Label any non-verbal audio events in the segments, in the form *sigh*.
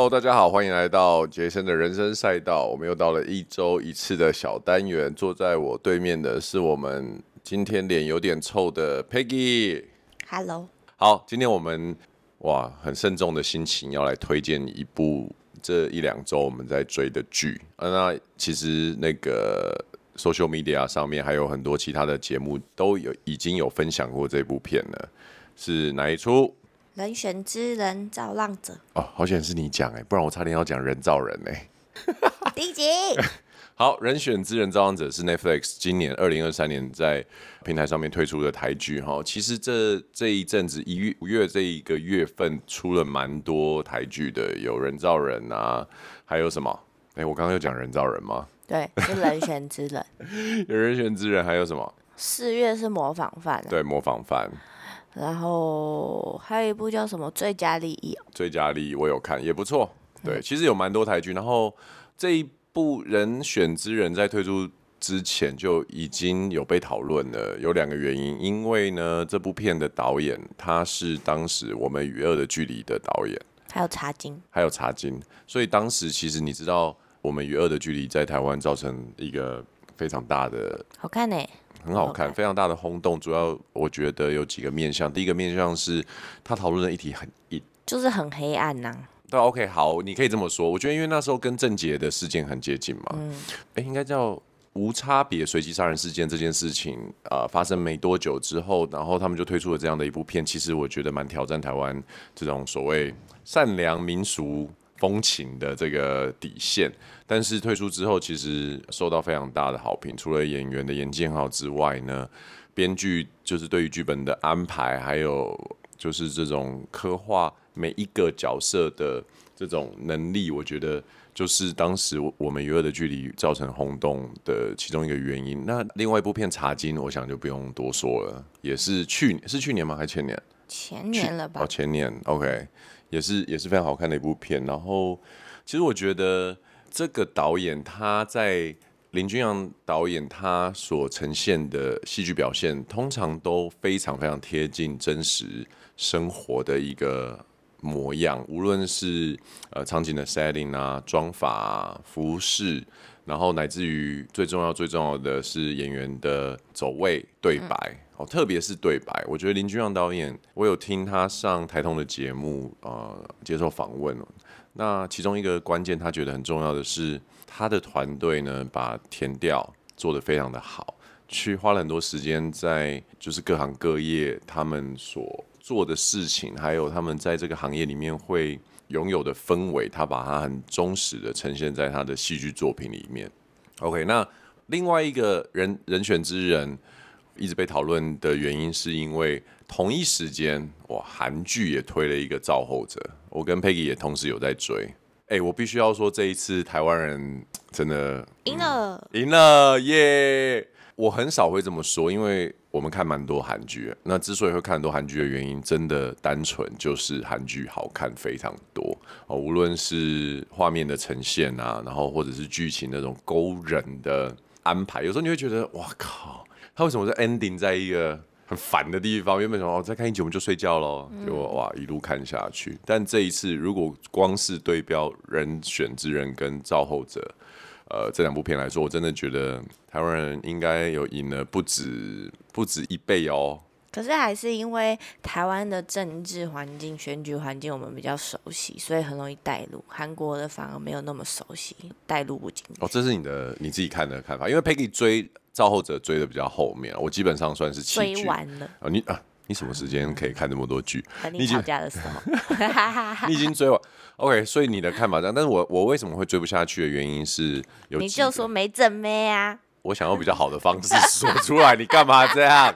Hello，大家好，歡迎來到傑森的人生賽道。我們又到了一周一次的小單元，坐在我對面的是我們今天臉有點臭的 Peggy。Hello，好，今天我們，哇，很慎重的心情要來推薦一部這一兩周我們在追的劇啊。那其實那個 social media 上面還有很多其他的節目都有，已經有分享過這部片了，是哪一出？《人選之人造浪者》哦，oh, 好險是你講哎、欸，不然我差點要講《人造人》欸呢 *laughs* 。第一集。 *laughs* 好，《人選之人造浪者》是 Netflix 今年二零二三年在平台上面推出的台劇哈。其實這這一陣子一月五月這一個月份出了蠻多台劇的，有人造人啊，還有什麼？哎、欸，我剛剛有講人造人嗎？對，是《人選之人》。 *laughs* 有人選之人，還有什麼？四月是《模仿犯》啊。對，《模仿犯》。對，《模仿犯》。然後還有一部叫什麼《最佳利益》啊？《最佳利益》我有看，也不錯。嗯、對，其實有蠻多台劇。然後這一部人選之人，在推出之前就已經有被討論了。有兩個原因，因為呢，這部片的導演他是當時我們與惡的距離的導演，還有茶金，還有茶金。所以當時其實你知道，我們與惡的距離在台灣造成一個非常大的，好看呢、欸。很好看，Okay. 非常大的轟動。主要我覺得有幾個面向，第一個面向是他討論的議題很硬，就是很黑暗吶、啊。對、啊，OK，好，你可以這麼說。我覺得因為那時候跟鄭捷的事件很接近嘛，嗯，應該叫無差別隨機殺人事件這件事情啊、呃，發生沒多久之後，然後他們就推出了這樣的一部片。其實我覺得蠻挑戰台灣這種所謂善良民俗。風情的這個底線，但是退出之後，其實受到非常大的好評。除了演員的演技很好之外呢，編劇就是對於劇本的安排，還有就是這種刻畫每一個角色的這種能力，我覺得就是當時我們與惡的距離造成轟動的其中一個原因。那另外一部片《茶金》，我想就不用多說了，也是去年，是去年嗎？還是前年？前年了吧？哦，前年，OK，也是也是非常好看的一部片。然後，其實我覺得這個導演他在林君陽導演他所呈現的戲劇表現，通常都非常非常貼近真實生活的一個模樣。無論是呃場景的 setting 啊、妝髮、啊、服飾，然後乃至於最重要、最重要的是演員的走位、對白。嗯哦，特別是對白，我覺得林君陽導演，我有聽他上台通的節目，呃，接受訪問，那其中一個關鍵，他覺得很重要的是，他的團隊呢，把田調做得非常的好，去花了很多時間在就是各行各業他們所做的事情，還有他們在這個行業裡面會擁有的氛圍，他把它很忠實的呈現在他的戲劇作品裡面。OK，那另外一個人人選之人，一直被討論的原因，是因為同一時間，我韓劇也推了一個《造後者》，我跟 Peggy 也同時有在追。哎、欸，我必須要說，這一次台灣人真的贏、嗯、了，贏了耶！Yeah! 我很少會這麼說，因為我們看蠻多韓劇。那之所以會看很多韓劇的原因，真的單純就是韓劇好看非常多。哦，無論是畫面的呈現啊，然後或者是劇情那種勾人的安排，有時候你會覺得，哇，靠！他為什麼是 ending 在一個很煩的地方？原本想哦，再看一集我們就睡覺嘍，嗯、就果哇，一路看下去。但這一次，如果光是對標《人選之人》跟《造後者》，呃，這兩部片來說，我真的覺得台灣人應該有贏了不止不止一倍哦。可是還是因為台灣的政治環境、選舉環境我們比較熟悉，所以很容易帶入。韓國的反而沒有那麼熟悉，帶入不進去哦。這是你的你自己看的看法，因為 Peggy 追，造浪者追的比較後面，我基本上算是追完了啊。你啊，你什麼時間可以看那麼多劇？你吵架的時候，你已， *laughs* 你已經追完。OK，所以你的看法這樣。但是我我為什麼會追不下去的原因是有，你就說沒怎咩啊？我想用比較好的方式說出來。 *laughs* 你干嘛這樣？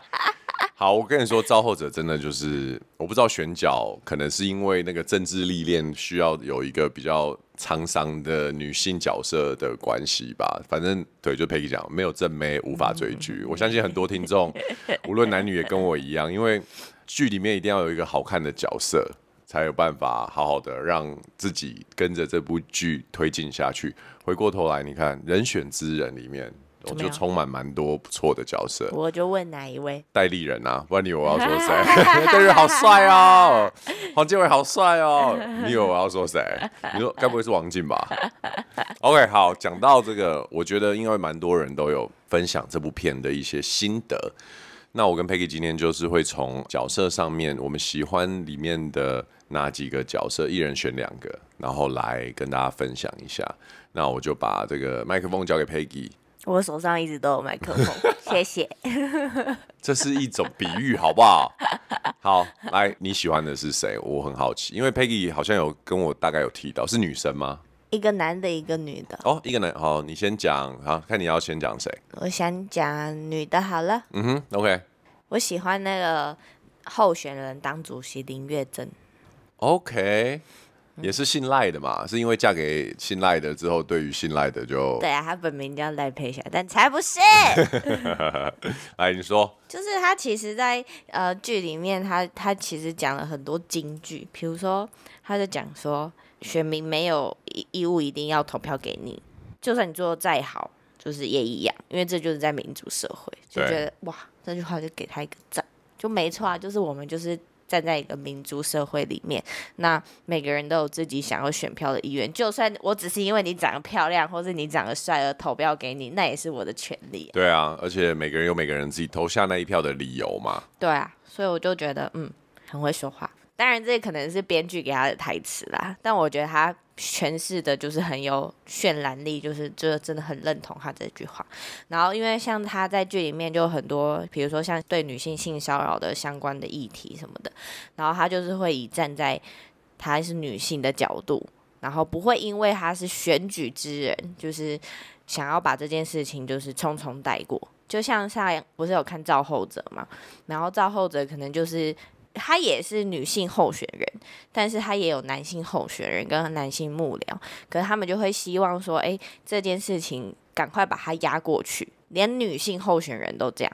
好，我跟你說，造浪者真的就是我不知道選角可能是因為那個政治歷練需要有一個比較。滄桑的女性角色的關係吧，反正對，就佩奇講，沒有正妹無法追劇。嗯、我相信很多聽眾， *laughs* 無論男女也跟我一樣，因為劇裡面一定要有一個好看的角色，才有辦法好好的讓自己跟着這部劇推進下去。回過頭來，你看《人選之人》裡面。我就充滿蠻多不錯的角色，我就問哪一位？代理人啊，不然你以為我要說誰？ *laughs* *laughs* 代理人好帥哦， *laughs* 黃健瑋好帥哦， *laughs* 你以為我要說誰？ *laughs* 你說該不會是王淨吧 *laughs* ？OK，好，講到這個，我覺得應該會蠻多人都有分享這部片的一些心得。那我跟 Peggy 今天就是會從角色上面，我們喜歡裡面的哪幾個角色，一人選兩個，然後來跟大家分享一下。那我就把這個麥克風交給 Peggy。我手上一直都有麥克風，謝謝。 *laughs* 這是一種比喻，好不好？好，來，你喜歡的是誰？我很好奇，因為 Peggy 好像有跟我大概有提到，是女生嗎？一個男的，一個女的。哦，一個男，好，你先講，好，看你要先講誰。我想講女的，好了。嗯哼，OK。我喜歡那個候選人黨主席林月真。OK。也是姓賴的嘛，是因為嫁給姓賴的之後，對於姓賴的就。對啊，他本名叫賴佩霞，但才不是。 *laughs* 來，你說，就是他其實在，在呃劇裡面他，他他其實講了很多金句，比如說，他就講說，選民沒有義義務一定要投票給你，就算你做的再好，就是也一樣，因為這就是在民主社會，就覺得對哇，這句話就給他一個讚，就沒錯啊，就是我們就是。站在一個民主社會裡面，那每個人都有自己想要選票的意願。就算我只是因為你長得漂亮或是你長得帥而投票給你，那也是我的權利啊。對啊，而且每個人有每個人自己投下那一票的理由嘛。對啊，所以我就覺得，嗯，很會說話。當然，這可能是編劇給他的台詞啦，但我覺得他。詮釋的就是很有渲染力，就是這真的很認同他這句話。然後，因為像他在劇裡面就很多，比如說像對女性性騷擾的相關的議題什麼的，然後他就是會以站在他是女性的角度，然後不會因為他是選舉之人，就是想要把這件事情就是匆匆帶過。就像上不是有看《造浪者》嘛，然後《造浪者》可能就是。她也是女性候選人，但是她也有男性候選人跟男性幕僚，可是他們就會希望說，哎、欸，這件事情趕快把它壓過去，連女性候選人都這樣。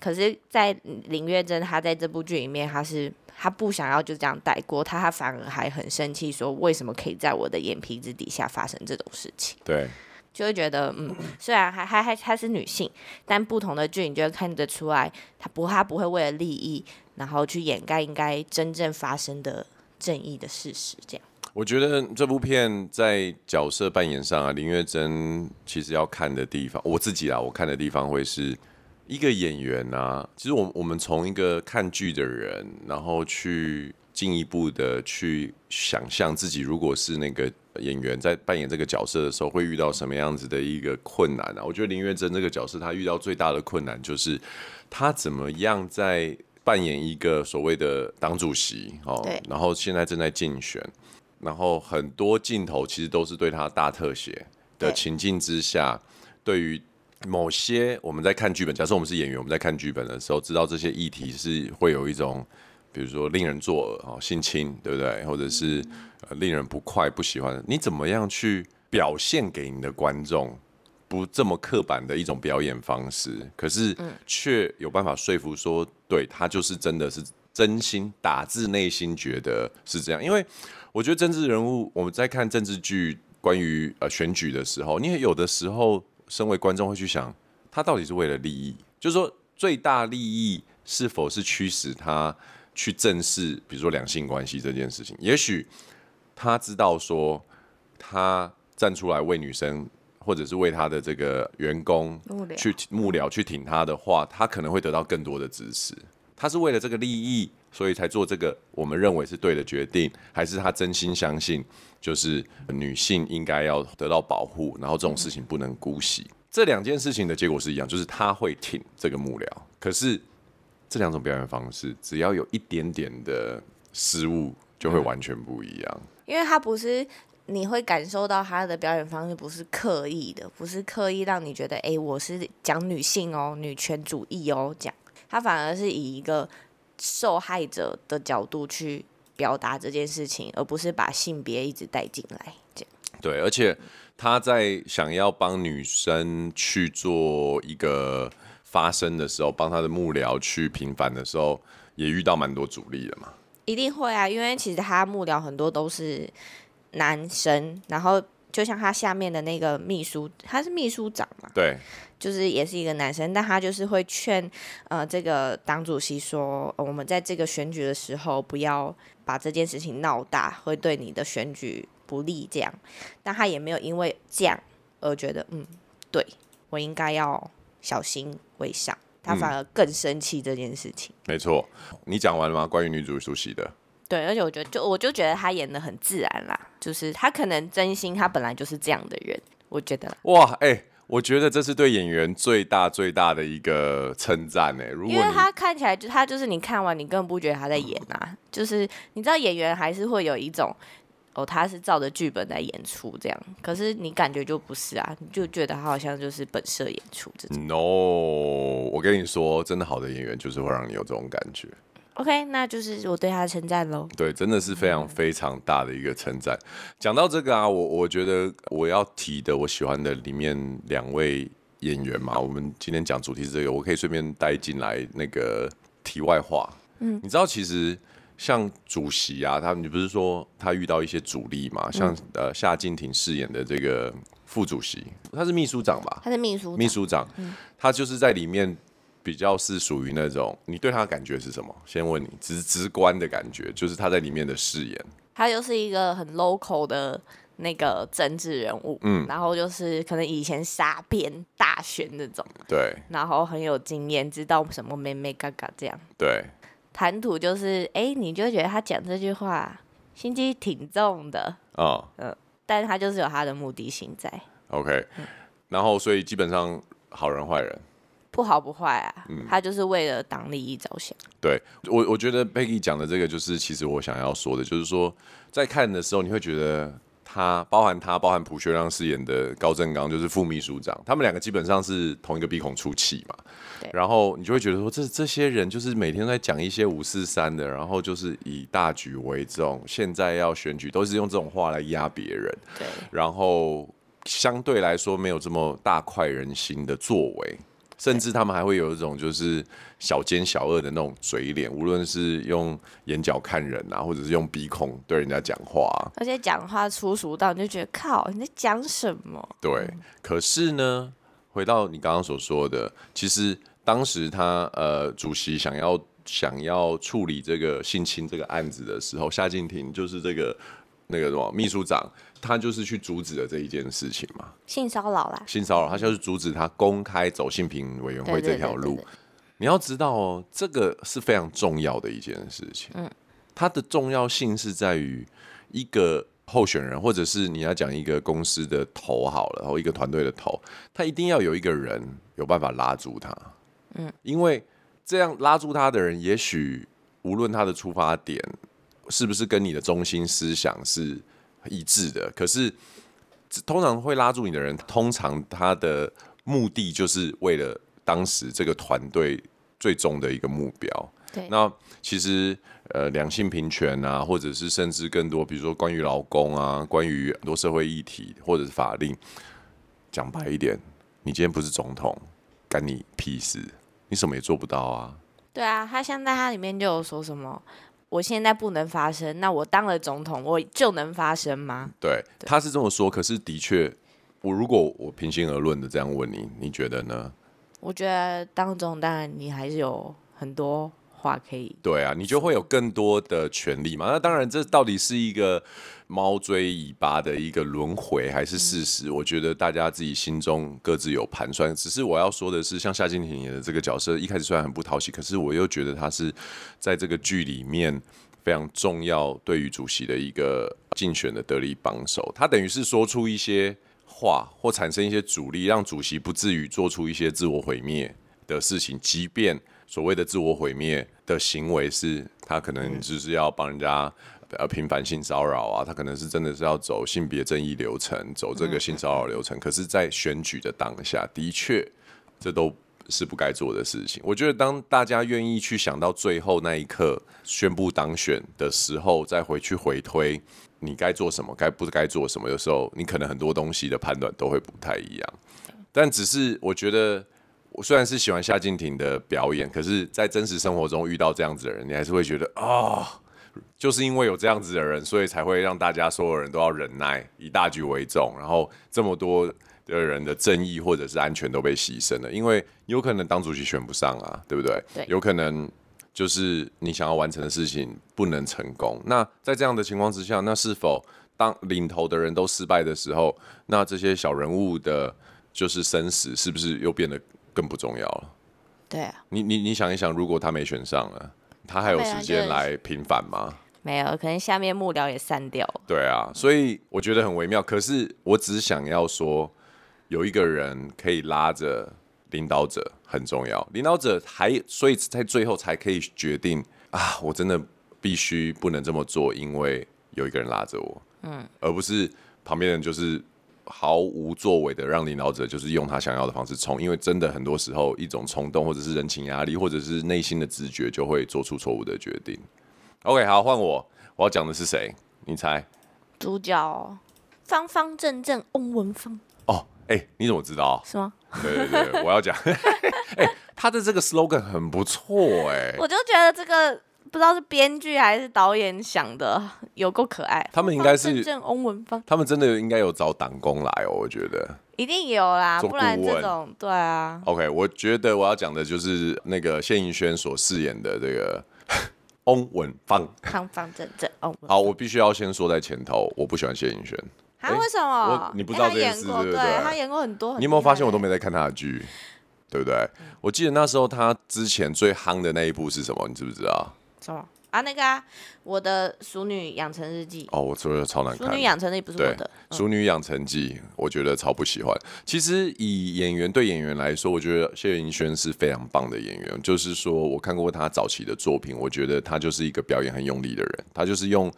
可是，在林月真她在這部劇裡面，她是她不想要就這樣帶過，她她反而還很生氣，說為什麼可以在我的眼皮子底下發生這種事情？對，就會覺得，嗯，雖然還還還她是女性，但不同的劇，你就會看得出來，她不她不會為了利益。然後去掩蓋應該真正發生的正義的事實，這樣。我覺得這部片在角色扮演上啊，林月真其實要看的地方，我自己啊，我看的地方會是一個演員啊。其實我我們從一個看劇的人，然後去進一步的去想象自己如果是那個演員在扮演這個角色的時候，會遇到什麼樣子的一個困難啊？我覺得林月真這個角色，她遇到最大的困難就是她怎麼樣在。扮演一個所謂的黨主席哦，對然後現在正在競選，然後很多鏡頭其實都是對他的大特寫的情境之下，對，對於某些我們在看劇本，假設我們是演員，我們在看劇本的時候，知道這些議題是會有一種，嗯、比如說令人作嘔哦，性侵對不對？或者是、呃、令人不快不喜歡，你怎麼樣去表現給你的觀眾？不這麼刻板的一種表演方式，可是卻有辦法說服說，對他就是真的是真心，打自內心覺得是這樣。因為我覺得政治人物，我們在看政治劇關於呃選舉的時候，你也有的時候身為觀眾會去想，他到底是為了利益，就是說最大利益是否是驅使他去正視，比如說兩性關係這件事情。也許他知道說，他站出來為女生。或者是為他的這個員工去幕僚去挺他的話，他可能會得到更多的支持。他是為了這個利益，所以才做這個我們認為是對的決定，還是他真心相信就是女性應該要得到保護，然後這種事情不能姑息？嗯、這兩件事情的結果是一樣，就是他會挺這個幕僚。可是這兩種表演方式，只要有一點點的失誤，就會完全不一樣。嗯、因為他不是。你會感受到他的表演方式不是刻意的，不是刻意讓你覺得，哎、欸，我是講女性哦，女權主義哦，這樣，他反而是以一個受害者的角度去表達這件事情，而不是把性別一直帶進來，這樣。對，而且他在想要幫女生去做一個發聲的時候，幫他的幕僚去平反的時候，也遇到蠻多阻力的嘛。一定會啊，因為其實他幕僚很多都是男生，然後就像他下面的那個秘書，他是秘書長嘛，對，就是也是一個男生，但他就是會勸呃這個黨主席說、呃，我們在這個選舉的時候不要把這件事情鬧大，會對你的選舉不利。這樣，但他也沒有因為這樣而覺得嗯，對我應該要小心為上，他反而更生氣這件事情、嗯。沒錯，你講完了嗎？關於女主席的。對，而且我覺得，就我就覺得他演得很自然啦，就是他可能真心，他本來就是這樣的人，我覺得。哇，哎、欸，我覺得這是對演員最大最大的一個稱讚呢、欸。因為他看起來就他就是你看完你根本不覺得他在演啊，就是你知道演員還是會有一種哦，他是照着劇本在演出這樣，可是你感覺就不是啊，你就覺得他好像就是本色演出這種。No，我跟你說，真的好的演員就是會讓你有這種感覺。OK，那就是我對他的稱讚嘍。對，真的是非常非常大的一個稱讚。嗯、講到這個啊，我我覺得我要提的，我喜歡的裡面兩位演員嘛，我們今天講主題是這個，我可以順便帶進來那個題外話。嗯，你知道其實像主席啊，他你不是說他遇到一些阻力嘛？像、嗯、呃夏靖庭飾演的這個副主席，他是秘書長吧？他是秘書秘書長，嗯、他就是在裡面。比較是屬於那種你對他的感覺是什麼？先問你直直觀的感覺，就是他在裡面的飾演。他就是一個很 local 的那個政治人物，嗯，然後就是可能以前沙邊大選那種，對，然後很有經驗，知道什麼眉眉角角這樣，對，談吐就是哎、欸，你就覺得他講這句話心機挺重的，哦，嗯，但是他就是有他的目的性在，OK，、嗯、然後所以基本上好人壞人。不好不壞啊，嗯，他就是為了黨利益着想。對，我我覺得 Becky 講的這個就是其實我想要說的，就是說在看的時候你會覺得他，包含他，包含蒲雪亮飾演的高振剛，就是副秘書長，他們兩個基本上是同一個鼻孔出氣嘛。對。然後你就會覺得說，這這些人就是每天在講一些五四三的，然後就是以大局為重，現在要選舉都是用這種話來壓別人。對。然後相對來說沒有這麼大快人心的作為。甚至他們還會有一種就是小姦小惡的那種嘴臉，無論是用眼角看人啊，或者是用鼻孔對人家講話啊，而且講話粗俗到你就覺得靠，你在講什麼？對。可是呢，回到你剛剛所說的，其實當時他呃，主席想要想要處理這個性侵這個案子的時候，夏敬廷就是這個那個什麼秘書長。他就是去阻止了這一件事情嘛，性騷擾啦，性騷擾，他就是阻止他公開走性平委員會這條路。你要知道哦，這個是非常重要的一件事情。嗯，它的重要性是在於一個候選人，或者是你要講一個公司的頭好了，然後一個團隊的頭，他一定要有一個人有辦法拉住他。嗯，因為這樣拉住他的人，也許無論他的出發點是不是跟你的中心思想是一致的，可是通常會拉住你的人，通常他的目的就是為了當時這個團隊最終的一個目標。對，那其實呃，兩性平權啊，或者是甚至更多，比如說關於勞工啊，關於很多社會議題，或者是法令，講白一點，你今天不是總統，干你屁事，你什麼也做不到啊。對啊，他現在他裡面就有說什麼。我現在不能發聲，那我當了總統，我就能發聲嗎？對，他是這麼說。可是的確，我如果我平心而論的這樣問你，你覺得呢？我覺得當總統，當然你還是有很多。話可以，對啊，你就會有更多的權力嘛，是那當然，這到底是一個貓追尾巴的一個輪迴，還是事實？嗯、我覺得大家自己心中各自有盤算。只是我要說的是，像夏靖庭演的這個角色，一開始雖然很不討喜，可是我又覺得他是在這個劇裡面非常重要，對於主席的一個競選的得力幫手。他等於是說出一些話，或產生一些阻力，讓主席不至於做出一些自我毀滅的事情，即便。所謂的自我毀滅的行為，是他可能只是要幫人家呃頻繁性騷擾啊，嗯、他可能是真的是要走性別正義流程，走這個性騷擾流程。嗯、可是，在選舉的當下，的確這都是不該做的事情。我覺得，當大家願意去想到最後那一刻宣布當選的時候，再回去回推你該做什麼，該不該做什麼的時候，你可能很多東西的判斷都會不太一樣。但只是我覺得。我雖然是喜歡夏靜婷的表演，可是，在真實生活中遇到這樣子的人，你還是會覺得啊、哦，就是因為有這樣子的人，所以才會讓大家所有人都要忍耐，以大局為重，然後這麼多的人的正義或者是安全都被犧牲了。因為有可能當主席選不上啊，對不對？對，有可能就是你想要完成的事情不能成功。那在這樣的情況之下，那是否當領頭的人都失敗的時候，那這些小人物的，就是生死是不是又變得？更不重要了，對啊。你你你想一想，如果他沒選上了，他還有時間來平反嗎？沒有，可能下面幕僚也散掉。對啊，所以我覺得很微妙。嗯、可是我只想要說，有一個人可以拉着領導者很重要，領導者還所以在最後才可以決定啊，我真的必須不能這麼做，因為有一個人拉着我，嗯，而不是旁邊人就是。毫無作為的讓領導者就是用他想要的方式衝，因為真的很多時候一種衝動或者是人情壓力或者是內心的直覺就會做出錯誤的決定。OK，好，換我，我要講的是誰？你猜？主角方方正正翁文方。哦，哎、欸，你怎麼知道？是嗎？對對對，我要講。 *laughs* *laughs* 欸、他的這個 slogan 很不錯哎、欸，我就覺得這個。不知道是編劇還是導演想的，有夠可愛。他們應該是翁文芳，他們真的應該有找黨工來哦，我覺得一定有啦，不然這種對啊。OK，我覺得我要講的就是那個謝盈萱所飾演的這個翁文芳，方方正正。哦，好，我必須要先說在前頭，我不喜歡謝盈萱，為什麼？你不知道這演過，對他演過很多。你有沒有發現我都沒在看他的劇？對不對？我記得那時候他之前最夯的那一部是什麼？你知不知道？什麼啊？那個啊，我的《淑女養成日記》哦，我說的超難看。淑女養成日記不是我的，對《嗯、淑女養成記》，我覺得超不喜歡。其實以演員、嗯、對演員來說，我覺得謝盈萱是非常棒的演員。就是說我看過他早期的作品，我覺得他就是一個表演很用力的人，他就是用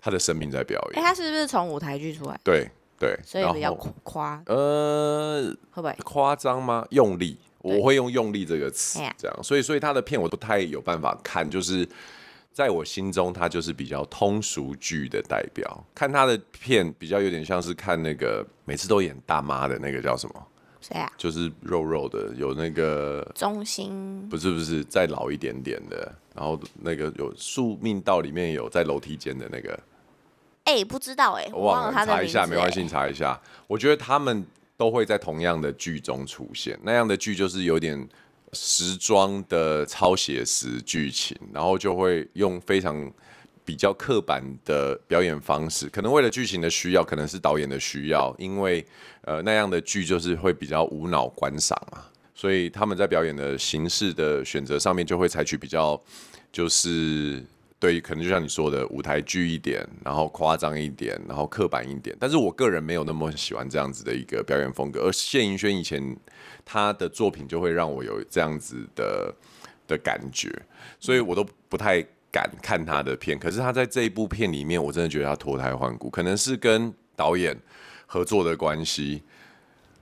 他的生命在表演。哎、欸，他是不是從舞台劇出來？對對，對，所以比較誇。後呃，會不會誇張嗎？用力。我會用“用力”這個詞，這樣，所以，所以他的片我不太有辦法看，就是在我心中，他就是比較通俗劇的代表。看他的片比較有點像是看那個每次都演大媽的那個叫什麼？誰啊？就是肉肉的，有那個鍾欣，不是不是，再老一點點的，然後那個有《宿命道》裡面有在樓梯間的那個，哎，不知道哎，我忘了，查一下沒關係，查一下。我覺得他們。都會在同樣的劇中出現，那樣的劇就是有點時裝的超寫實劇情，然後就會用非常比較刻板的表演方式，可能為了劇情的需要，可能是導演的需要，因為呃那樣的劇就是會比較無腦觀賞嘛，所以他們在表演的形式的選擇上面就會採取比較就是。對，可能就像你說的，舞台劇一點，然後誇張一點，然後刻板一點。但是我個人沒有那麼喜歡這樣子的一個表演風格，而謝盈萱以前她的作品就會讓我有這樣子的的感覺，所以我都不太敢看她的片。可是她在這一部片裡面，我真的覺得她脫胎換骨，可能是跟導演合作的關係，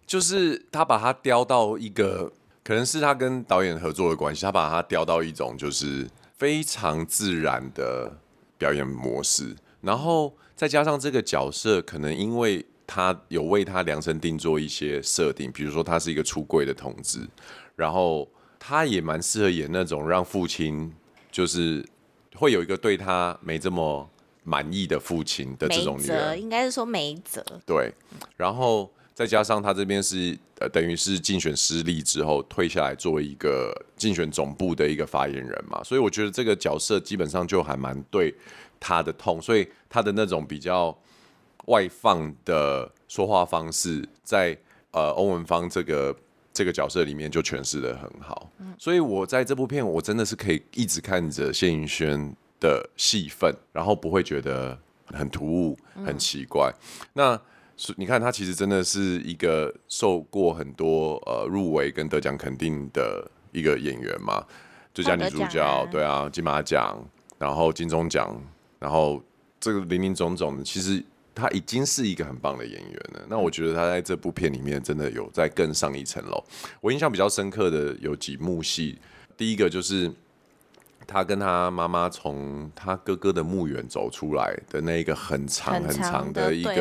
就是他把她雕到一個，可能是他跟導演合作的關係，他把她雕到一種就是。非常自然的表演模式，然後再加上這個角色，可能因為他有為他量身定做一些設定，比如說他是一個出櫃的同志，然後他也蠻適合演那種讓父親就是會有一個對他沒這麼滿意的父親的這種女人，應該是說沒澤對，然後。再加上他這邊是呃，等於是競選失利之後退下來，作為一個競選總部的一個發言人嘛，所以我覺得這個角色基本上就還蠻對他的痛，所以他的那種比較外放的說話方式在，在呃翁文方這個這個角色裡面就詮釋得很好。所以我在這部片，我真的是可以一直看着謝盈萱的戲份，然後不會覺得很突兀、很奇怪。嗯、那你看他其實真的是一個受過很多呃入圍跟得獎肯定的一個演員嘛，最佳女主角，對啊，金馬獎，然後金鐘獎，然後這個林林總總，其實他已經是一個很棒的演員了。嗯、那我覺得他在這部片裡面真的有在更上一層樓。我印象比較深刻的有幾幕戲，第一個就是。他跟他媽媽從他哥哥的墓園走出來的那一個很長很長的一個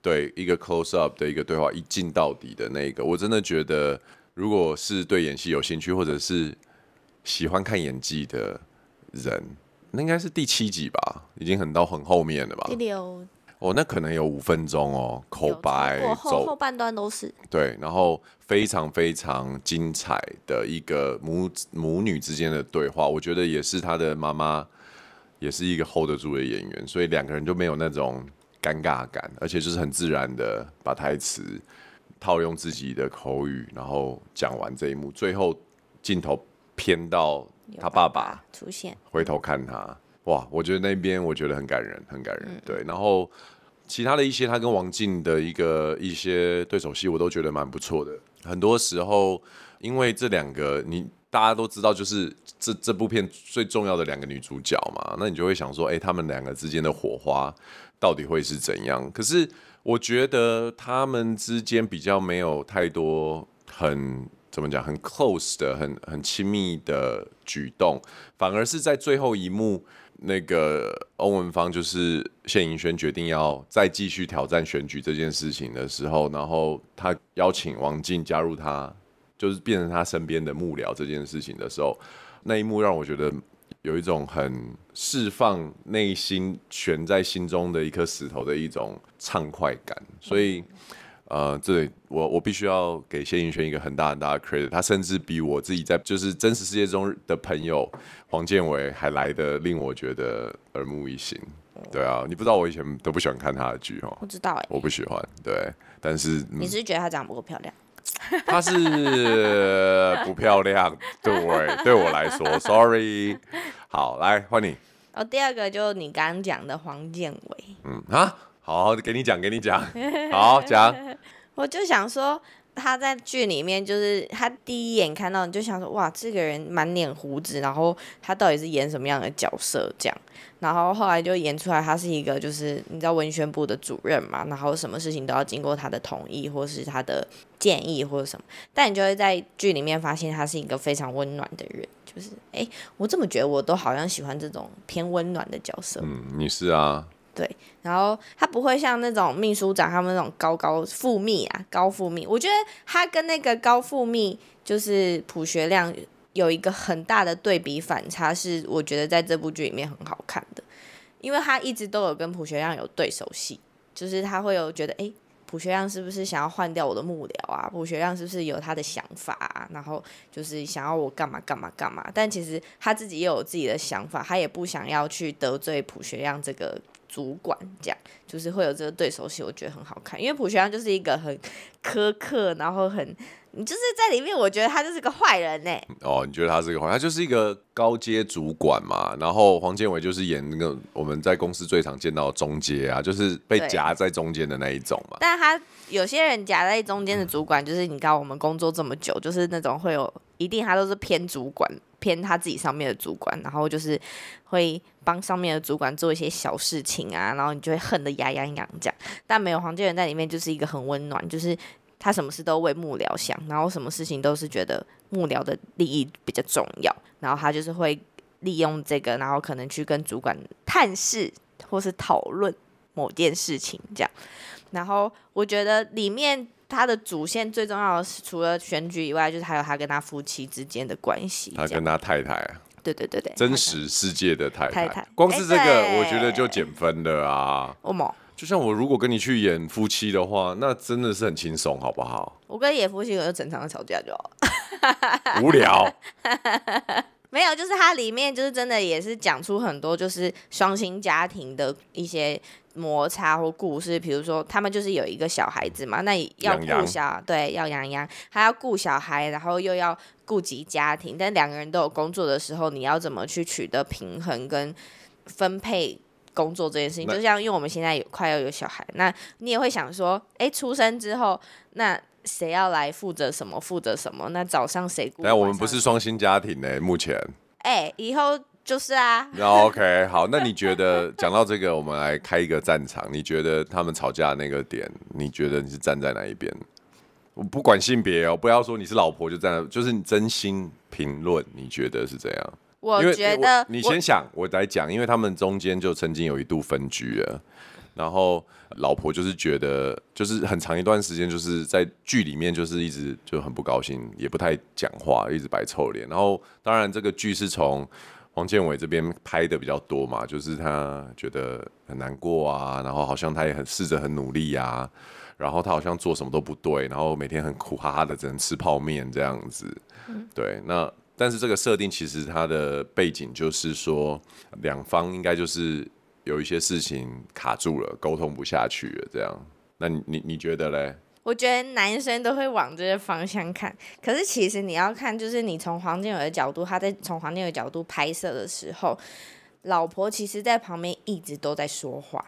對，對，對一個 close up 的一個對話，一鏡到底的那個，我真的覺得，如果是對演戲有興趣或者是喜歡看演技的人，那應該是第七集吧，已經很到很後面了吧。哦，那可能有五分鐘哦，口白走後，後半段都是對，然後非常非常精彩的一個母母女之間的對話，我覺得也是他的媽媽也是一個 hold 得住的演員，所以兩個人就沒有那種尷尬感，而且就是很自然的把台詞套用自己的口語，然後講完這一幕，最後鏡頭偏到他爸爸出現，回頭看他。哇，我覺得那邊我覺得很感人，很感人。對，然後其他的一些他跟王淨的一個一些對手戲，我都覺得蠻不錯的。很多時候，因為這兩個你大家都知道，就是這這部片最重要的兩個女主角嘛，那你就會想說，哎、欸，他們兩個之間的火花到底會是怎樣？可是我覺得他們之間比較沒有太多很怎麼講，很 close 的，很很親密的舉動，反而是在最後一幕。那個翁文方就是謝盈萱決定要再繼續挑戰選舉這件事情的時候，然後他邀請王淨加入他，就是變成他身邊的幕僚這件事情的時候，那一幕讓我覺得有一種很釋放內心懸在心中的一顆石頭的一種暢快感，所以。呃，這我我必須要給謝盈萱一個很大很大的 credit，他甚至比我自己在就是真實世界中的朋友黃健瑋還來得令我覺得耳目一新。對啊，你不知道我以前都不喜歡看他的劇哈，不知道哎、欸，我不喜歡。對，但是、嗯、你是覺得他長得不夠漂亮？ *laughs* 他是不漂亮，對我、欸、對？我來說，sorry。好，來換你。哦，第二個就是你剛剛講的黃健瑋。嗯啊。哈好，給你講，給你講。好，講。 *laughs* 我就想說，他在劇裡面，就是他第一眼看到你就想說，哇，這個人滿臉鬍子，然後他到底是演什麼樣的角色？這樣，然後後來就演出來，他是一個就是你知道文宣部的主任嘛，然後什麼事情都要經過他的同意，或是他的建議，或者什麼。但你就會在劇裡面發現，他是一個非常溫暖的人。就是，哎，我怎麼覺得，我都好像喜歡這種偏溫暖的角色。嗯，你是啊。對，然後他不會像那種秘書長他們那種高高副秘啊，高副秘。我覺得他跟那個高副秘就是朴學亮有一個很大的對比反差，是我覺得在這部劇裡面很好看的，因為他一直都有跟朴學亮有對手戲，就是他會有覺得，哎，朴學亮是不是想要換掉我的幕僚啊？朴學亮是不是有他的想法啊？然後就是想要我幹嘛幹嘛幹嘛。但其實他自己也有自己的想法，他也不想要去得罪朴學亮這個。主管這樣，就是會有這個對手戲，我覺得很好看，因為普雪陽就是一個很苛刻，然後很你就是在裡面，我覺得他就是個壞人呢、欸。哦，你覺得他是個壞？他就是一個高階主管嘛，然後黃健瑋就是演那個我們在公司最常見到的中階啊，就是被夾在中間的那一種嘛。但他有些人夾在中間的主管，就是你知道我們工作這麼久，嗯、就是那種會有一定，他都是偏主管，偏他自己上面的主管，然後就是會。幫上面的主管做一些小事情啊，然後你就會恨得牙癢癢這樣。但沒有黃健瑋在裡面，就是一個很溫暖，就是他什麼事都為幕僚想，然後什麼事情都是覺得幕僚的利益比較重要，然後他就是會利用這個，然後可能去跟主管探視或是討論某件事情這樣。然後我覺得裡面他的主線最重要的是，除了選舉以外，就是還有他跟他夫妻之間的關係。他跟他太太啊。對對對，對真實世界的太太，太太光是這個我覺得就減分了啊。哦、欸、對就像我如果跟你去演夫妻的話，那真的是很輕鬆，好不好？我跟演夫妻，我就正常的吵架就好。 *laughs* 無聊。 *laughs* 沒有，就是它裡面就是真的也是講出很多就是雙薪家庭的一些摩擦或故事，比如說他們就是有一個小孩子嘛，那要顧小，洋洋對，要養養，還要顧小孩，然後又要。顧及家庭，但兩個人都有工作的時候，你要怎麼去取得平衡跟分配工作這件事情？就像因為我們現在有那快要有小孩，那你也會想說，哎，出生之後，那誰要來負責什麼？負責什麼？那早上誰顧？但我們不是雙薪家庭呢、欸，目前。哎、欸，以後就是啊。那、oh, OK，好，那你覺得，講到這個，我們來開一個戰場。 *laughs* 你覺得他們吵架的那個點，你覺得你是站在哪一邊？我不管性別哦，不要說你是老婆就這樣，就是你真心評論，你覺得是這樣？我覺得我你先想，我來講。因為他們中間就曾經有一度分居了，然後老婆就是覺得，就是很長一段時間，就是在劇裡面就是一直就很不高興，也不太講話，一直擺臭臉。然後當然這個劇是從黃健瑋這邊拍的比較多嘛，就是他覺得很難過啊，然後好像他也很試着很努力呀、啊。然後他好像做什麼都不對，然後每天很苦哈哈的，只能吃泡面這樣子。嗯、對，那但是這個設定其實它的背景就是說，兩方應該就是有一些事情卡住了，溝通不下去了這樣。那你你,你覺得嘞？我覺得男生都會往這個方向看，可是其實你要看，就是你從黃健瑋的角度，他在從黃健瑋角度拍攝的時候，老婆其實在旁邊一直都在說話。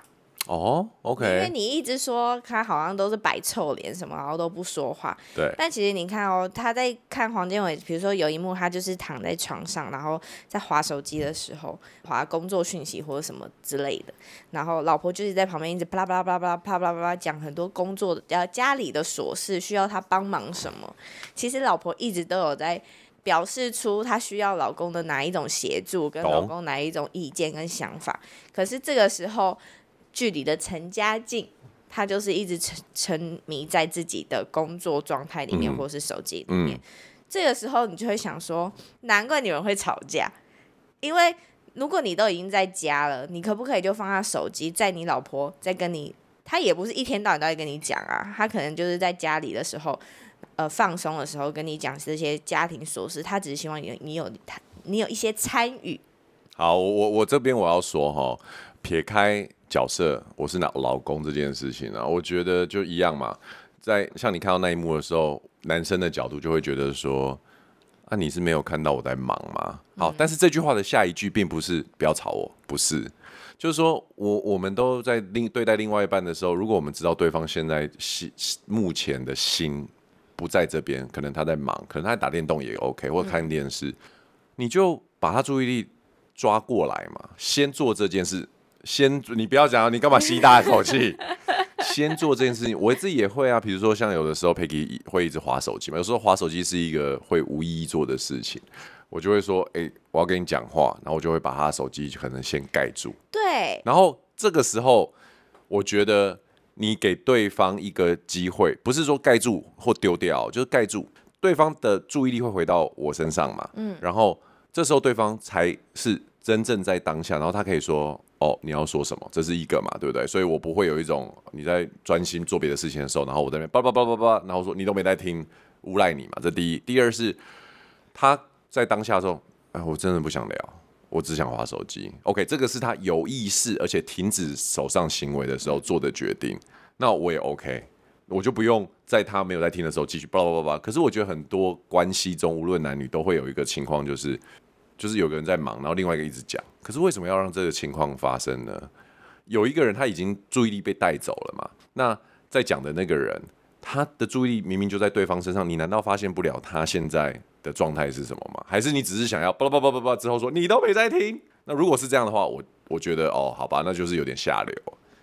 哦、oh,，OK，因為你一直說他好像都是擺臭臉什麼，然後都不說話。對。但其實你看哦，他在看黃健瑋，比如說有一幕，他就是躺在床上，然後在滑手機的時候，滑工作訊息或者什麼之類的。然後老婆就是在旁邊一直啪啦啪啦啪啦啪啦啪啦，啪啦，啪啦，啪啦講很多工作的家裡的瑣事，需要他幫忙什麼。其實老婆一直都有在表示出她需要老公的哪一種協助，跟老公哪一種意見跟想法。懂？可是這個時候。距離的陳家境，他就是一直沉沉迷在自己的工作狀態裡面，嗯、或是手機裡面。嗯、這個時候，你就會想說，難怪你們會吵架，因為如果你都已經在家了，你可不可以就放下手機，在你老婆在跟你，他也不是一天到晚都在跟你講啊，他可能就是在家裡的時候，呃，放鬆的時候跟你講這些家庭瑣事，他只是希望你你有他，你有一些參與。好，我我這邊我要說哈，撇開。角色，我是老老公這件事情啊，我覺得就一樣嘛。在像你看到那一幕的時候，男生的角度就會覺得說：“啊，你是沒有看到我在忙嗎？”好，但是這句話的下一句並不是“不要吵我”，不是，就是說我我們都在另對待另外一半的時候，如果我們知道對方現在心目前的心不在這邊，可能他在忙，可能他在打電動也 OK，或看電視，你就把他注意力抓過來嘛，先做這件事。先，你不要講、啊、你幹嘛吸大口氣？ *laughs* 先做這件事情，我自己也會啊。比如說，像有的時候，Peggy 會一直滑手機嘛。有時候滑手機是一個會無意義做的事情，我就會說：“哎、欸，我要跟你講話。”然後我就會把他手機可能先蓋住。對。然後這個時候，我覺得你給對方一個機會，不是說蓋住或丟掉，就是蓋住，對方的注意力會回到我身上嘛。嗯。然後這時候，對方才是真正在當下，然後他可以說。哦，你要說什麼？這是一個嘛，對不對？所以我不會有一種你在專心做別的事情的時候，然後我在那邊叭叭叭叭叭，然後說你都沒在聽，誣賴你嘛。這第一，第二是他在當下的時候，哎，我真的不想聊，我只想滑手機。OK，這個是他有意識而且停止手上行為的時候做的決定。那我也 OK，我就不用在他沒有在聽的時候繼續叭叭叭叭。可是我覺得很多關係中，無論男女都會有一個情況，就是就是有個人在忙，然後另外一個一直講。可是為什麼要讓這個情況發生呢？有一個人他已經注意力被帶走了嘛？那在講的那個人，他的注意力明明就在對方身上，你難道發現不了他現在的狀態是什麼嗎？還是你只是想要叭叭叭叭叭之後說你都沒在聽？那如果是這樣的話，我我覺得哦，好吧，那就是有點下流。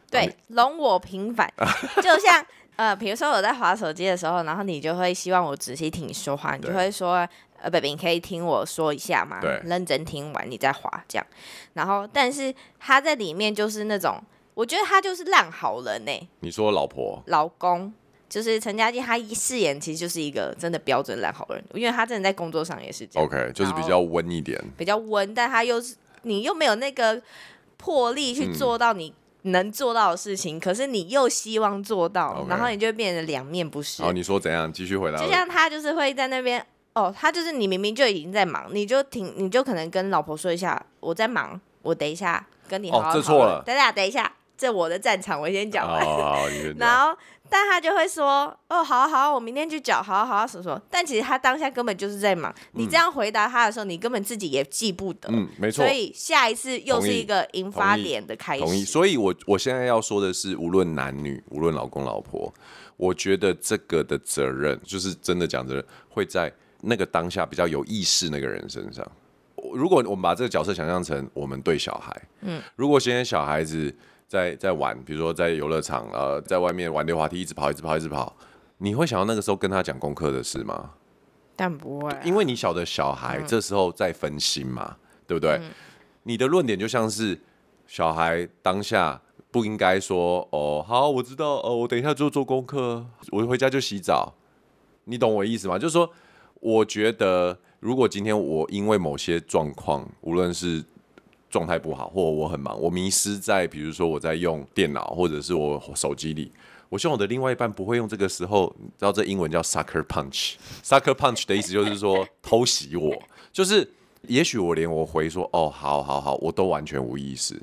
對，容我平反， *laughs* 就像呃，比如說我在滑手機的時候，然後你就會希望我仔細聽你說話啊，你就會說啊。呃，不，啊、你可以聽我說一下嗎？對，認真聽完你再滑這樣。然後，但是他在裡面就是那種，我覺得他就是爛好人哎、欸。你說老婆？老公就是陳家競，他一飾演其實就是一個真的標準爛好人，因為他真的在工作上也是這樣。OK，就是比較溫一點。比較溫，但他又是你又沒有那個魄力去做到你能做到的事情，嗯、可是你又希望做到，Okay 然後你就變得兩面不是。哦，你說怎樣？繼續回答。就像他就是會在那邊。哦，他就是你明明就已經在忙，你就停，你就可能跟老婆說一下，我在忙，我等一下跟你好好、啊、哦，這錯了。等一下，等一下，這我的戰場，我先講。哦， *laughs* 然後，但他就會說，哦，好、啊、好、啊，我明天去講，好、啊、好好、啊，什麼什麼。但其實他當下根本就是在忙。你這樣回答他的時候，嗯、你根本自己也記不得。嗯，沒錯。所以下一次又是一個引發點的開始。同意。所以我我現在要說的是，無論男女，無論老公老婆，我覺得這個的責任，就是真的講的會在那個當下比較有意識那個人身上，如果我們把這個角色想象成我們對小孩，嗯，如果現在小孩子在在玩，比如說在遊樂場啊、呃，在外面玩溜滑梯，一直跑，一直跑，一直跑，你會想到那個時候跟他講功課的事嗎？但不會、啊，因為你曉得小孩這時候在分心嘛，嗯、對不對？嗯、你的論點就像是小孩當下不應該說哦，好，我知道，哦，我等一下就做功課，我回家就洗澡，你懂我意思嗎？就是說。我覺得，如果今天我因為某些狀況，無論是狀態不好，或者我很忙，我迷失在，比如說我在用電腦，或者是我手機裡，我希望我的另外一半不會用這個時候，你知道這英文叫 sucker punch，sucker *laughs* punch 的意思就是說偷襲我，就是也許我連我回說哦，好好好，我都完全無意識。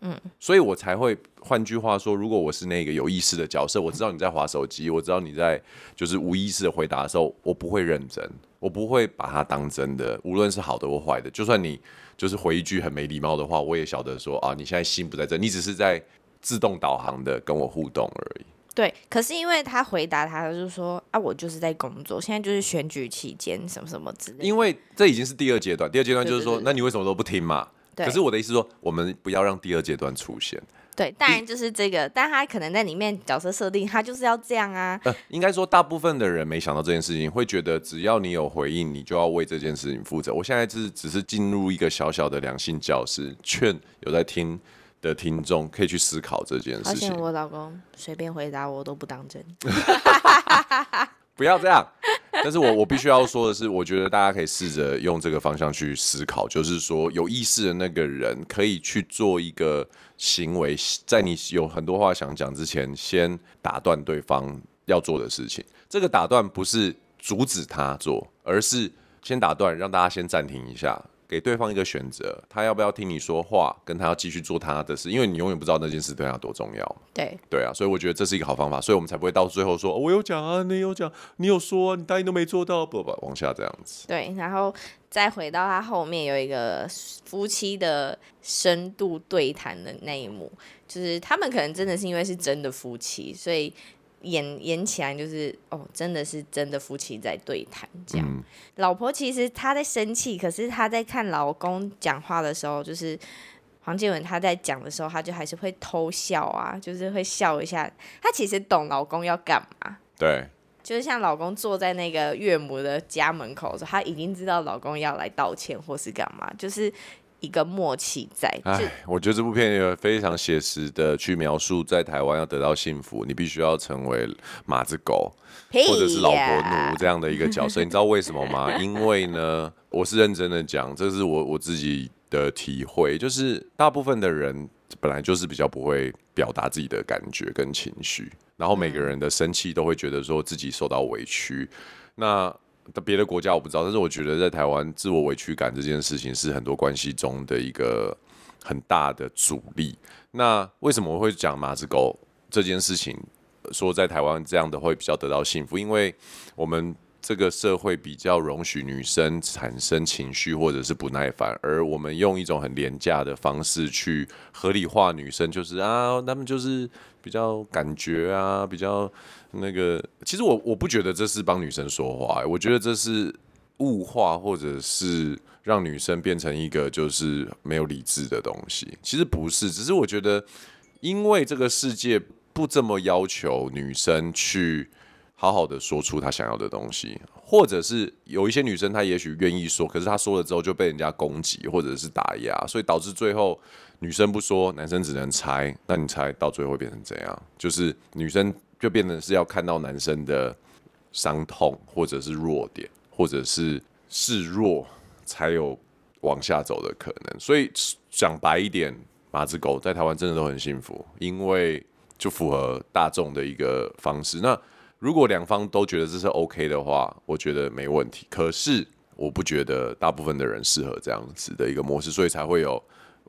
嗯，所以我才會，換句話說，如果我是那個有意識的角色，我知道你在滑手機，我知道你在就是無意識的回答的時候，我不會認真，我不會把它當真的，無論是好的或壞的，就算你就是回一句很沒禮貌的話，我也曉得說啊，你現在心不在這，你只是在自動導航的跟我互動而已。對，可是因為他回答，他就是說啊，我就是在工作，現在就是選舉期間，什麼什麼之類。因為這已經是第二階段，第二階段就是說，那你為什麼都不聽嘛？對可是我的意思說，我們不要讓第二階段出現。對，當然就是這個，以但他可能在裡面角色設定，他就是要這樣啊。呃，應該說，大部分的人沒想到這件事情，會覺得只要你有回應，你就要為這件事情負責。我現在是只是進入一個小小的良性教室，勸有在聽的聽眾可以去思考這件事情。而且我老公隨便回答，我都不當真。 *laughs* *laughs* 不要這樣。 *laughs* *laughs* 但是我我必須要說的是，我覺得大家可以試着用這個方向去思考，就是說有意識的那個人可以去做一個行為，在你有很多話想講之前，先打斷對方要做的事情。這個打斷不是阻止他做，而是先打斷，讓大家先暫停一下。給對方一個選擇，他要不要聽你說話？跟，他要繼續做他的事，因為你永遠不知道那件事對他有多重要。對對啊，所以我覺得這是一個好方法，所以我們才不會到最後說，哦，我有講啊，你有講，你有說啊，你答應都沒做到，不不，往下這樣子。對，然後再回到他後面有一個夫妻的深度對談的那一幕，就是他們可能真的是因為是真的夫妻，所以。演演起來就是哦，真的是真的夫妻在對談這樣。嗯、老婆其實她在生氣，可是她在看老公講話的時候，就是黃健瑋他在講的時候，她就還是會偷笑啊，就是會笑一下。她其實懂老公要幹嘛，對，就是像老公坐在那個岳母的家門口的時候，她已經知道老公要來道歉或是幹嘛，就是。一個默契在。哎，我覺得這部片也非常寫實的去描述，在台灣要得到幸福，你必須要成為馬子狗或者是老婆奴這樣的一個角色。Hey yeah. 你知道為什麼嗎？ *laughs* 因為呢，我是認真的講，這是我我自己的體會，就是大部分的人本來就是比較不會表達自己的感覺跟情緒，然後每個人的生氣都會覺得說自己受到委屈，那。別的國家我不知道，但是我覺得在台灣自我委屈感這件事情是很多關係中的一個很大的阻力。那為什麼我會講馬子狗這件事情，說在台灣這樣的會比較得到幸福？因為我們這個社會比較容許女生產生情緒或者是不耐煩，而我們用一種很廉價的方式去合理化女生，就是啊，她們就是比較感覺啊，比較。那個，其實我我不覺得這是幫女生說話，我覺得這是物化或者是讓女生變成一個就是沒有理智的東西。其實不是，只是我覺得，因為這個世界不這麼要求女生去好好的說出她想要的東西，或者是有一些女生她也許願意說，可是她說了之後就被人家攻擊或者是打壓，所以導致最後女生不說，男生只能猜。那你猜到最後會變成怎樣？就是女生。就變成是要看到男生的傷痛，或者是弱點，或者是示弱，才有往下走的可能。所以講白一點，馬子狗在台灣真的都很幸福，因為就符合大眾的一個方式。那如果兩方都覺得這是 OK 的話，我覺得沒問題。可是我不覺得大部分的人適合這樣子的一個模式，所以才會有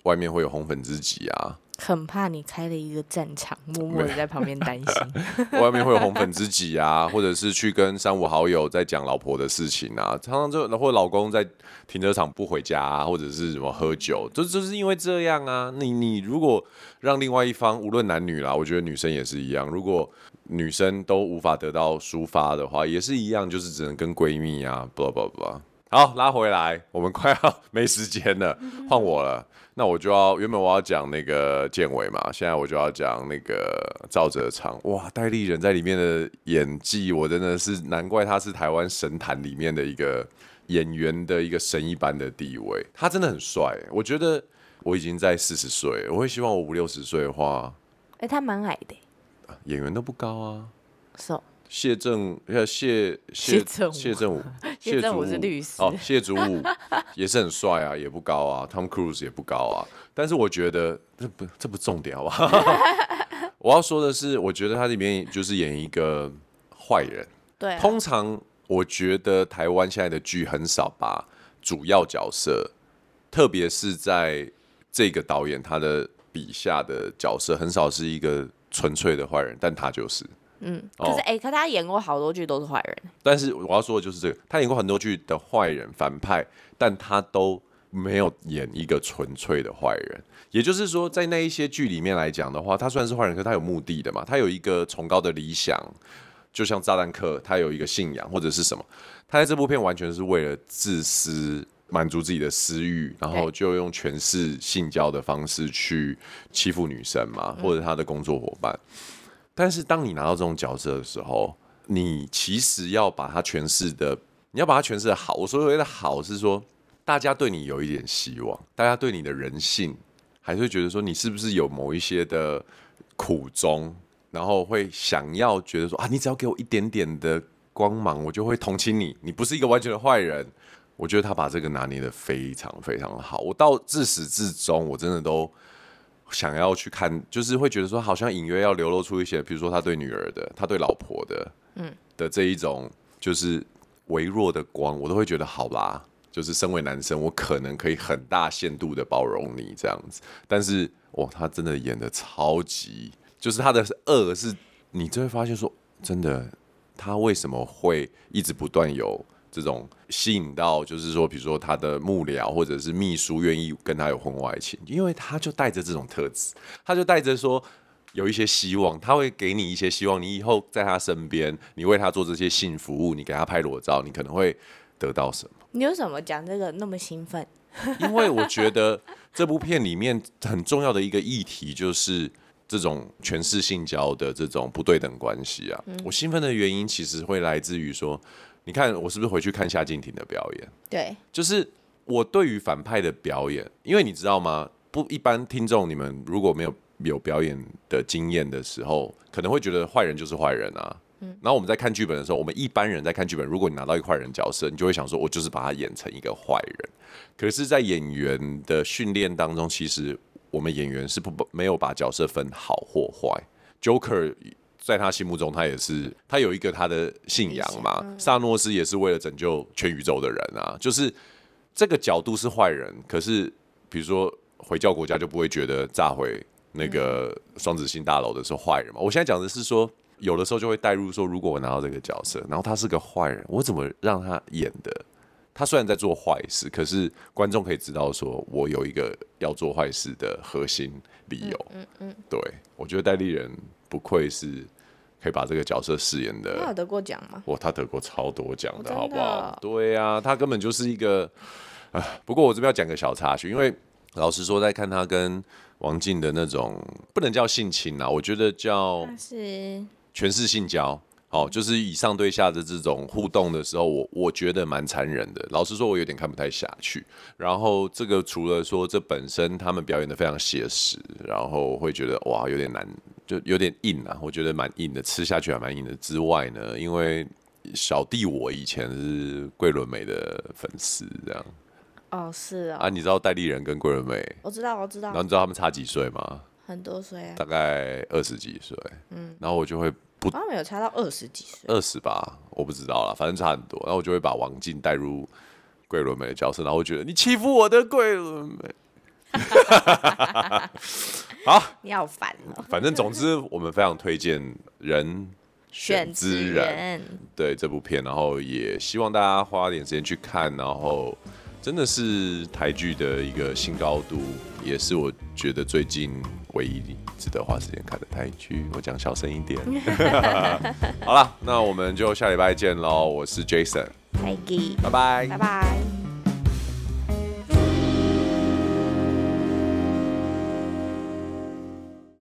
外面會有紅粉知己啊。很怕你開了一個戰場，默默的在旁邊擔心， *laughs* 外面會有紅粉知己啊，或者是去跟三五好友在講老婆的事情啊，常常就或者老公在停車場不回家啊，或者是什麼喝酒，就就是因為這樣啊。你你如果讓另外一方，無論男女啦，我覺得女生也是一樣，如果女生都無法得到抒發的話，也是一樣，就是只能跟閨蜜啊，不不不。好，拉回來，我們快要沒時間了，換我了。 *laughs* 那我就要原本我要講那個健瑋嘛，現在我就要講那個趙昌澤。哇，戴立忍在裡面的演技，我真的是難怪他是台灣神壇裡面的一個演員的一個神一般的地位。他真的很帥，我覺得我已經在四十歲，我會希望我五六十歲的話，哎、欸，他蠻矮的、啊，演員都不高啊，so. 謝正要謝謝正謝正武，謝正武是律師。謝主哦，謝祖武 *laughs* 也是很帥啊，也不高啊 *laughs* ，Tom Cruise 也不高啊。但是我覺得這不這不重點，好不好？ *laughs* *laughs* 我要說的是，我覺得他裡面就是演一個壞人。對， *laughs* 通常我覺得台灣現在的劇很少把主要角色， *laughs* 特別是在這個導演他的筆下的角色，很少是一個純粹的壞人，但他就是。嗯，就是哎、欸，哦、可他演過好多劇都是壞人。但是我要說的就是這個，他演過很多劇的壞人、反派，但他都沒有演一個純粹的壞人。也就是說，在那一些劇裡面來講的話，他雖然是壞人，可是他有目的的嘛，他有一個崇高的理想，就像炸彈客，他有一個信仰或者是什麼。他在這部片完全是為了自私，滿足自己的私欲，然後就用權勢、性交的方式去欺負女生嘛，嗯、或者他的工作夥伴。但是當你拿到這種角色的時候，你其實要把它詮釋的，你要把它詮釋的好。我所謂的好是說，大家對你有一點希望，大家對你的人性，還是會覺得說你是不是有某一些的苦衷，然後會想要覺得說啊，你只要給我一點點的光芒，我就會同情你。你不是一個完全的壞人。我覺得他把這個拿捏的非常非常好。我到自始至終，我真的都。想要去看，就是會覺得說，好像隱約要流露出一些，比如說他對女兒的，他對老婆的，嗯，的這一種就是微弱的光，我都會覺得好啦。就是身為男生，我可能可以很大限度的包容你這樣子，但是哦，他真的演得超級，就是他的惡是，你就會發現說，真的他為什麼會一直不斷有。這種吸引到，就是說，比如說他的幕僚或者是秘書願意跟他有婚外情，因為他就帶着這種特質，他就帶着說有一些希望，他會給你一些希望，你以後在他身邊，你為他做這些性服務，你給他拍裸照，你可能會得到什麼？你有什麼講這個那麼興奮？因為我覺得這部片裡面很重要的一個議題就是這種權勢性交的這種不對等關係啊。我興奮的原因其實會來自於說。你看我是不是回去看夏靖庭的表演？對，就是我對於反派的表演，因為你知道嗎？不一般聽眾，你們如果沒有有表演的經驗的時候，可能會覺得壞人就是壞人啊。嗯，然後我們在看劇本的時候，我們一般人在看劇本，如果你拿到一個壞人角色，你就會想說，我就是把他演成一個壞人。可是，在演員的訓練當中，其實我們演員是不沒有把角色分好或壞。Joker。在他心目中，他也是他有一個他的信仰嘛。薩諾斯也是為了拯救全宇宙的人啊，就是這個角度是壞人。可是，比如說回教國家就不會覺得炸毀那個雙子星大樓的是壞人嘛。我現在講的是說，有的時候就會帶入說，如果我拿到這個角色，然後他是個壞人，我怎麼讓他演的？他雖然在做壞事，可是觀眾可以知道說我有一個要做壞事的核心理由。嗯嗯，對我覺得戴立忍不愧是。可以把這個角色飾演的，他有得過獎嗎？哇，他得過超多獎的，的好不好？對呀、啊，他根本就是一個……不過我這邊要講個小插曲，因為老實說，在看他跟王淨的那種，不能叫性情啊，我覺得叫是權勢性交。哦。就是以上對下的這種互動的時候，我我覺得蠻殘忍的。老實說，我有點看不太下去。然後這個除了說這本身他們表演的非常寫實，然後會覺得哇，有點難。就有點硬啊，我覺得蠻硬的，吃下去還蠻硬的。之外呢，因為小弟我以前是桂綸鎂的粉絲，這樣。哦，是啊、哦。啊，你知道戴立忍跟桂綸鎂、嗯？我知道，我知道。然後你知道他們差幾歲嗎？很多歲、啊。大概二十幾歲。嗯。然後我就會不，他們有差到二十幾歲？二十吧，我不知道啦，反正差很多。然後我就會把王淨帶入桂綸鎂的角色，然後我覺得你欺負我的桂綸鎂。 *laughs* *laughs* 好，要煩了。反正總之，我們非常推薦人選之人，選，對這部片，然後也希望大家花點時間去看。然後，真的是台劇的一個新高度，也是我覺得最近唯一值得花時間看的台劇。我講小聲一點。 *laughs* *laughs* *laughs* 好了，那我們就下禮拜見嘍。我是 Jason，拜拜，拜拜。